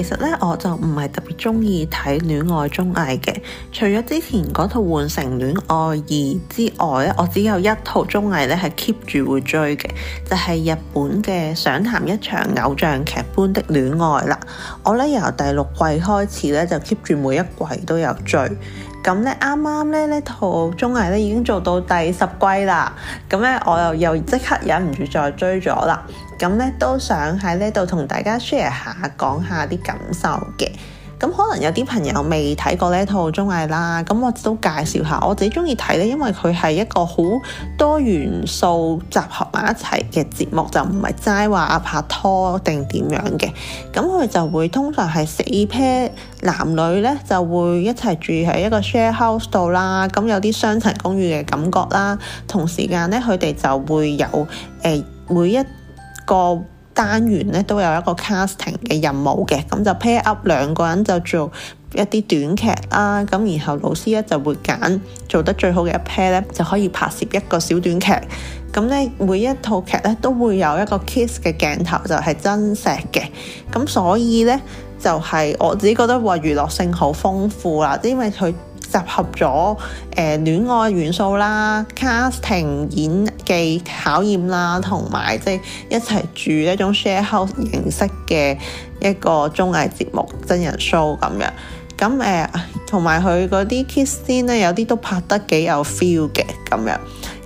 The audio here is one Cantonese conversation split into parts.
其實咧，我就唔係特別中意睇戀愛綜藝嘅，除咗之前嗰套《換乘戀愛二》之外咧，我只有一套綜藝咧係 keep 住會追嘅，就係日本嘅《想談一場偶像劇般的戀愛》啦。我咧由第六季開始咧就 keep 住每一季都有追，咁咧啱啱咧呢套綜藝咧已經做到第十季啦，咁咧我又又即刻忍唔住再追咗啦。咁咧都想喺呢度同大家 share 下，講下啲感受嘅。咁可能有啲朋友未睇過呢一套綜藝啦，咁我都介紹下。我自己中意睇咧，因為佢係一個好多元素集合埋一齊嘅節目，就唔係齋話啊拍拖定點樣嘅。咁佢就會通常係四 pair 男女咧就會一齊住喺一個 share house 度啦。咁有啲雙層公寓嘅感覺啦。同時間咧，佢哋就會有誒每、欸、一個單元咧都有一個 casting 嘅任務嘅，咁就 pair up 兩個人就做一啲短劇啦，啊，咁然後老師咧就會揀做得最好嘅一 pair 咧就可以拍攝一個小短劇，咁咧每一套劇咧都會有一個 kiss 嘅鏡頭就係、是、真實嘅，咁所以咧就係、是、我自己覺得話娛樂性好豐富啦，因為佢。集合咗誒、呃、戀愛元素啦、casting 演技考驗啦，同埋即係一齊住一種 share house 形式嘅一個綜藝節目真人 show 咁樣。咁誒，同埋佢嗰啲 kiss scene 咧，有啲都拍得幾有 feel 嘅咁樣。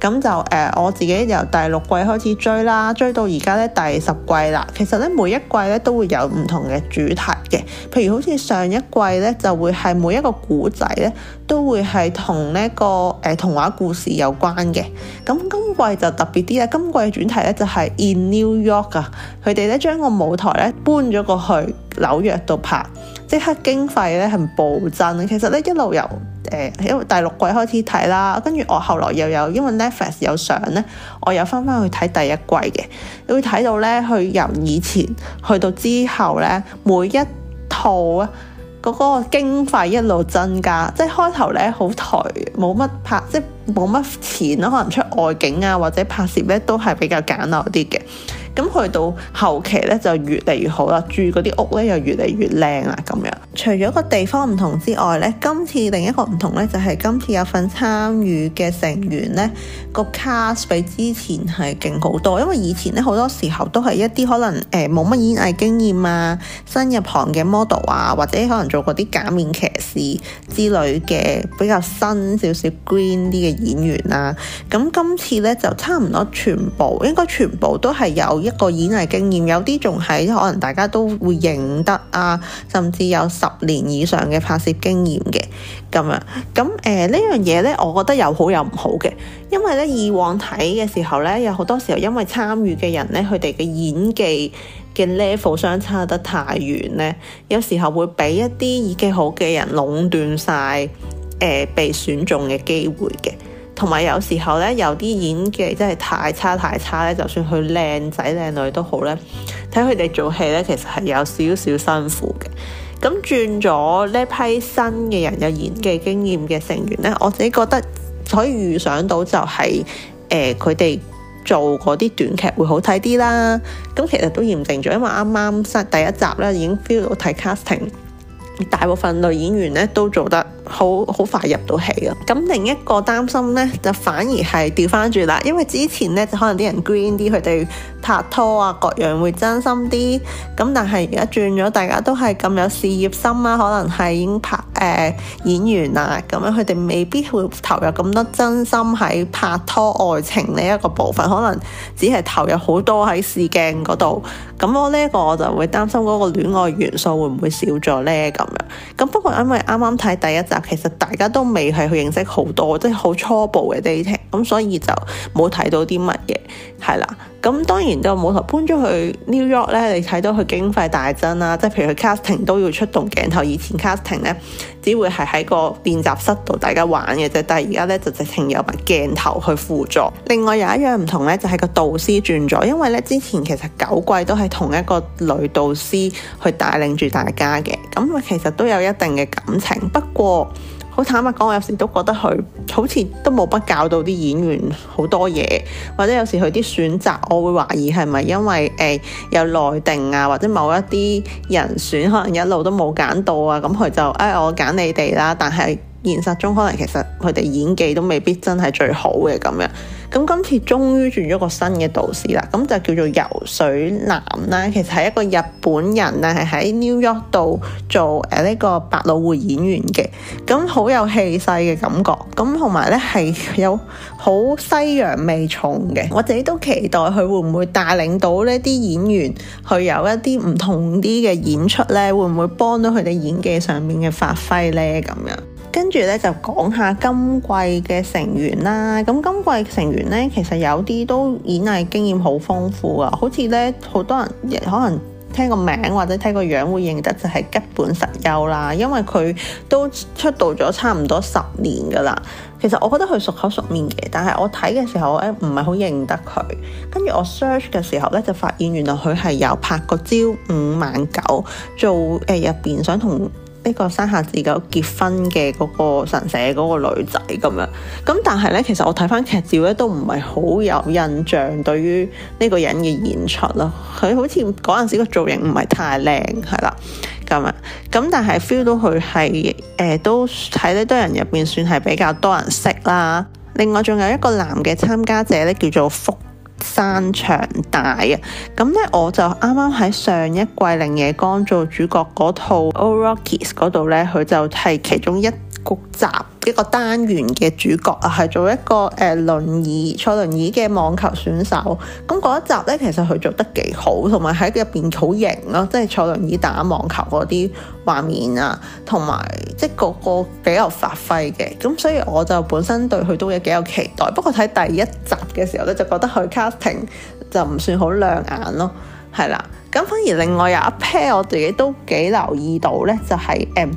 咁就誒、呃，我自己由第六季開始追啦，追到而家咧第十季啦。其實咧，每一季咧都會有唔同嘅主題嘅，譬如好似上一季咧就會係每一個古仔咧都會係同呢個誒、呃、童話故事有關嘅。咁今季就特別啲啦，今季嘅主題咧就係、是、In New York 啊，佢哋咧將個舞台咧搬咗過去紐約度拍，即刻經費咧係暴增，其實咧一路由誒，因為第六季開始睇啦，跟住我後來又有，因為 Netflix 有相咧，我又翻翻去睇第一季嘅，你會睇到咧，佢由以前去到之後咧，每一套啊，嗰個經費一路增加，即係開頭咧好頹，冇乜拍，即係冇乜錢咯，可能出外景啊或者拍攝咧都係比較簡陋啲嘅。咁去到後期咧就越嚟越好啦，住嗰啲屋咧又越嚟越靚啦，咁樣除咗個地方唔同之外咧，今次另一個唔同咧就係今次有份參與嘅成員咧個 cast 比之前係勁好多，因為以前咧好多時候都係一啲可能誒冇乜演藝經驗啊，新入行嘅 model 啊，或者可能做過啲假面騎士之類嘅比較新少少 green 啲嘅演員啦、啊。咁今次咧就差唔多全部應該全部都係有。一個演藝經驗，有啲仲係可能大家都會認得啊，甚至有十年以上嘅拍攝經驗嘅咁樣。咁誒、呃、呢樣嘢咧，我覺得有好有唔好嘅，因為咧以往睇嘅時候咧，有好多時候因為參與嘅人咧，佢哋嘅演技嘅 level 相差得太遠咧，有時候會俾一啲演技好嘅人壟斷晒誒、呃、被選中嘅機會嘅。同埋有時候咧，有啲演技真係太差太差咧，就算佢靚仔靚女都好咧，睇佢哋做戲咧，其實係有少少辛苦嘅。咁轉咗呢批新嘅人有演技經驗嘅成員咧，我自己覺得可以預想到就係誒佢哋做嗰啲短劇會好睇啲啦。咁其實都驗證咗，因為啱啱第一集咧已經 feel 到睇 casting，大部分女演員咧都做得。好好快入到戲啊！咁另一個擔心咧，就反而係調翻轉啦。因為之前咧，就可能啲人 green 啲，佢哋拍拖啊，各樣會真心啲。咁但係而家轉咗，大家都係咁有事業心啊，可能係已經拍誒、呃、演員啊，咁樣佢哋未必會投入咁多真心喺拍拖愛情呢一個部分，可能只係投入好多喺試鏡度。咁我呢個我就會擔心個戀愛元素會唔會少咗咧咁樣。咁不過因為啱啱睇第一集。其實大家都未係去認識好多，即係好初步嘅 dating，咁所以就冇睇到啲乜嘢。係啦，咁當然個舞台搬咗去 New York 咧，你睇到佢經費大增啦，即係譬如佢 casting 都要出動鏡頭，以前 casting 咧只會係喺個練習室度大家玩嘅啫，但係而家咧就直情有埋鏡頭去輔助。另外有一樣唔同咧，就係個導師轉咗，因為咧之前其實九季都係同一個女導師去帶領住大家嘅，咁其實都有一定嘅感情，不過。好坦白講，我有時都覺得佢好似都冇不教到啲演員好多嘢，或者有時佢啲選擇，我會懷疑係咪因為、欸、有內定啊，或者某一啲人選可能一路都冇揀到啊，咁佢就誒、哎、我揀你哋啦，但係。現實中可能其實佢哋演技都未必真係最好嘅咁樣。咁今次終於轉咗個新嘅導師啦，咁就叫做游水男啦。其實係一個日本人啦，係喺 New York 度做誒呢個百老匯演員嘅。咁好有氣勢嘅感覺，咁同埋咧係有好西洋味重嘅。我自己都期待佢會唔會帶領到呢啲演員去有一啲唔同啲嘅演出咧，會唔會幫到佢哋演技上面嘅發揮咧？咁樣。跟住咧就講下今季嘅成員啦。咁今季成員咧，其實有啲都演藝經驗好豐富啊。好似咧，好多人可能聽個名或者睇個樣會認得，就係吉本實優啦。因為佢都出道咗差唔多十年噶啦。其實我覺得佢熟口熟面嘅，但係我睇嘅時候咧，唔係好認得佢。跟住我 search 嘅時候咧，就發現原來佢係有拍過朝五晚九做誒入面，呃、面想同。呢個山下智久結婚嘅嗰個神社嗰個女仔咁樣咁，但係咧，其實我睇翻劇照咧都唔係好有印象，對於呢個人嘅演出咯。佢好似嗰陣時個造型唔係太靚，係啦咁啊。咁但係 feel 到佢係誒都喺呢堆人入邊算係比較多人識啦。另外仲有一個男嘅參加者咧，叫做福。山長大啊！咁咧，我就啱啱喺上一季《零野光》做主角嗰套 All 那裡《Orockies》嗰度呢，佢就係其中一個集。一個單元嘅主角啊，係做一個誒、呃、輪椅坐輪椅嘅網球選手。咁嗰一集咧，其實佢做得幾好，同埋喺入邊好型咯，即係坐輪椅打網球嗰啲畫面啊，同埋即係個個幾有發揮嘅。咁所以我就本身對佢都有幾有期待。不過睇第一集嘅時候咧，就覺得佢 casting 就唔算好亮眼咯，係啦。咁反而另外有一 pair 我自己都幾留意到咧，就係、是、誒。嗯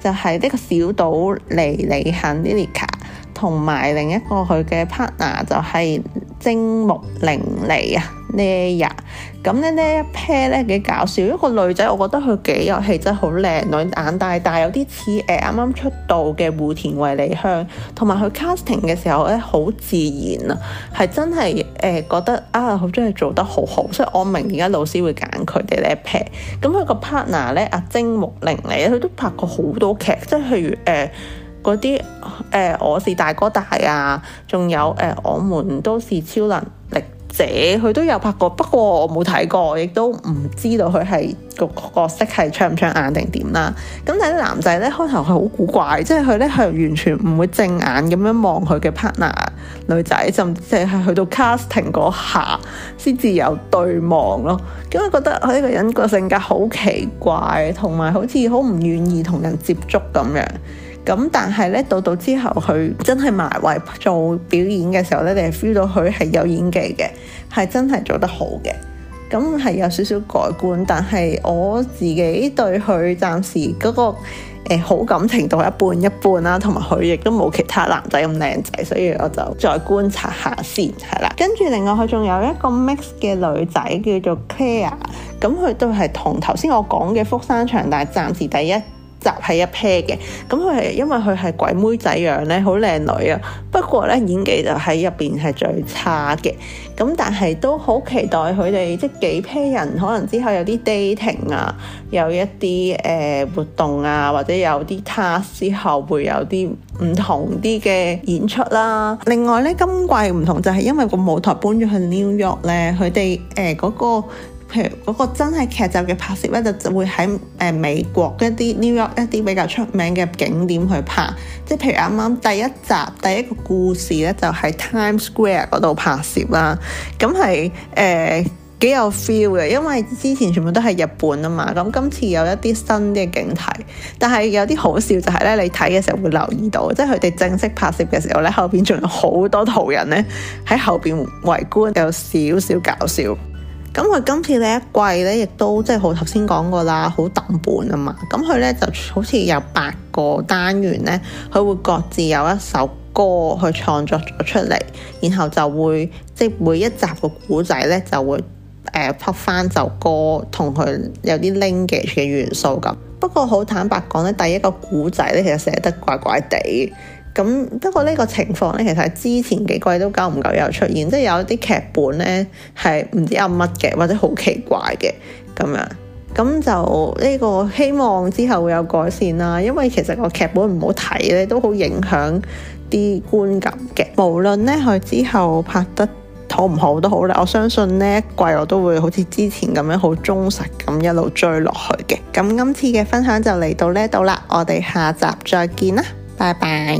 就係呢個小島妮妮肯尼莉卡，同埋另一個佢嘅 partner 就係精木玲奈。嗯、呢日咁咧咧一 pair 咧幾搞笑，一個女仔我覺得佢幾有氣質，好靚女，眼大大，有啲似誒啱啱出道嘅戶田惠梨香，同埋佢 casting 嘅時候咧好自然、嗯、啊，係真係誒覺得啊好中意做得好好，所以我明點解老師會揀佢哋咧 pair。咁佢個 partner 咧、啊、阿精木玲嚟，佢都拍過好多劇，即係譬如誒嗰啲誒我是大哥大啊，仲有誒、嗯、我們都是超能力。姐佢都有拍過，不過我冇睇過，亦都唔知道佢係個,個角色係搶唔搶眼定點啦。咁但係啲男仔咧開頭係好古怪，即係佢咧係完全唔會正眼咁樣望佢嘅 partner 女仔，就即係去到 casting 嗰下先至有對望咯。咁我覺得佢呢個人個性格好奇怪，同埋好似好唔願意同人接觸咁樣。咁但係咧到到之後佢真係埋位做表演嘅時候咧，你係 feel 到佢係有演技嘅，係真係做得好嘅。咁係有少少改觀，但係我自己對佢暫時嗰、那個誒、欸、好感程度一半一半啦，同埋佢亦都冇其他男仔咁靚仔，所以我就再觀察下先係啦。跟住另外佢仲有一個 mix 嘅女仔叫做 Claire。咁佢都係同頭先我講嘅福山祥但係暫時第一。集係一 pair 嘅，咁佢係因為佢係鬼妹仔樣咧，好靚女啊！不過咧，演技就喺入邊係最差嘅，咁但係都好期待佢哋即係幾 pair 人，可能之後有啲 dating 啊，有一啲誒、呃、活動啊，或者有啲 task，之後會有啲唔同啲嘅演出啦。另外咧，今季唔同就係因為個舞台搬咗去 New York 咧，佢哋誒嗰個。譬如嗰個真係劇集嘅拍攝咧，就會喺誒、呃、美國一啲 New York 一啲比較出名嘅景點去拍，即係譬如啱啱第一集第一個故事咧，就喺 Times Square 嗰度拍攝啦。咁係誒幾有 feel 嘅，因為之前全部都係日本啊嘛，咁今次有一啲新嘅景點。但係有啲好笑就係咧，你睇嘅時候會留意到，即係佢哋正式拍攝嘅時候咧，後邊仲有好多途人咧喺後邊圍觀，有少少搞笑。咁佢今次呢一季呢，亦都即係好頭先講過啦，好抌本啊嘛。咁佢呢就好似有八個單元呢，佢會各自有一首歌去創作咗出嚟，然後就會即係每一集個古仔呢，就會誒 put 翻首歌同佢有啲 linkage 嘅元素咁。不過好坦白講呢，第一個古仔呢，其實寫得怪怪地。咁不過呢個情況呢，其實之前幾季都夠唔夠有出現，即係有啲劇本呢係唔知有乜嘅，或者好奇怪嘅咁樣。咁就呢個希望之後會有改善啦，因為其實個劇本唔好睇呢，都好影響啲觀感嘅。無論呢佢之後拍得好唔好都好啦，我相信呢一季我都會好似之前咁樣好忠實咁一路追落去嘅。咁今次嘅分享就嚟到呢度啦，我哋下集再見啦，拜拜。